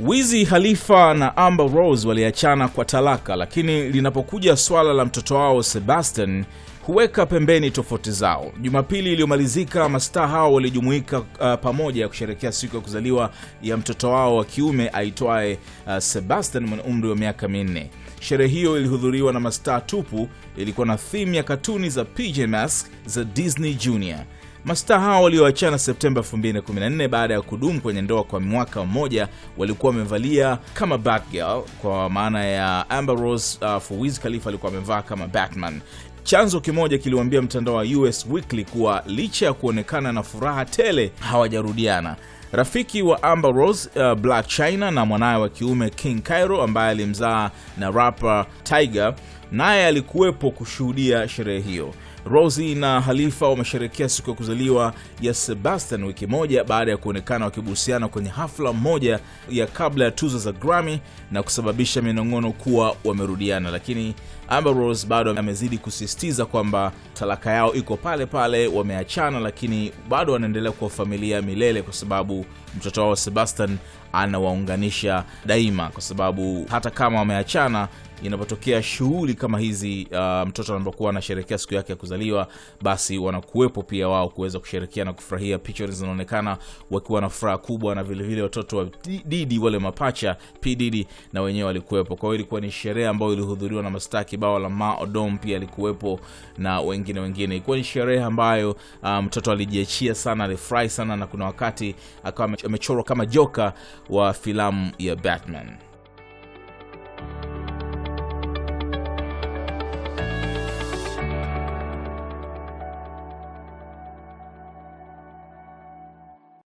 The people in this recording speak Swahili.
Wizi Khalifa na Amber Rose waliachana kwa talaka, lakini linapokuja swala la mtoto wao Sebastian huweka pembeni tofauti zao. Jumapili iliyomalizika, mastaa hao walijumuika uh, pamoja ya kusherehekea siku ya kuzaliwa ya mtoto wao wa kiume aitwaye uh, Sebastian mwenye umri wa miaka minne. Sherehe hiyo ilihudhuriwa na mastaa tupu, ilikuwa na theme ya katuni za PJ Masks za Disney Junior. Mastaa hao walioachana Septemba 214 baada ya kudumu kwenye ndoa kwa mwaka mmoja walikuwa wamevalia kama Batgirl, kwa maana ya Amber uh, for Khalifa alikuwa amevaa kama Batman. Chanzo kimoja kiliwambia mtandao wa US Weekly kuwa licha ya kuonekana na furaha tele hawajarudiana. Rafiki wa Amber Rose uh, Black China na mwanaye wa kiume King Cairo ambaye alimzaa na rapper Tiger naye alikuwepo kushuhudia sherehe hiyo. rosi na halifa wamesherekea siku ya kuzaliwa ya Sebastian wiki moja baada ya kuonekana wakibuhusiana kwenye hafla moja ya kabla ya tuzo za Grammy na kusababisha minong'ono kuwa wamerudiana, lakini ambrose bado amezidi kusisitiza kwamba talaka yao iko pale pale, wameachana, lakini bado wanaendelea kuwa familia milele, kwa sababu mtoto wao Sebastian anawaunganisha daima, kwa sababu hata kama wameachana inapotokea shughuli kama hizi uh, mtoto anapokuwa anasherekea siku yake ya kuzaliwa, basi wanakuwepo pia wao kuweza kusherekea na kufurahia. Picha zinaonekana wakiwa na furaha kubwa, na vilevile watoto wa Didi wale mapacha pdd na wenyewe walikuwepo. Kwa hiyo ilikuwa ni sherehe ambayo ilihudhuriwa na mastaa kibao la maodom pia alikuwepo na wengine wengine. Ilikuwa ni sherehe ambayo uh, mtoto alijiachia sana, alifurahi sana, na kuna wakati akawa amechorwa kama joka wa filamu ya Batman.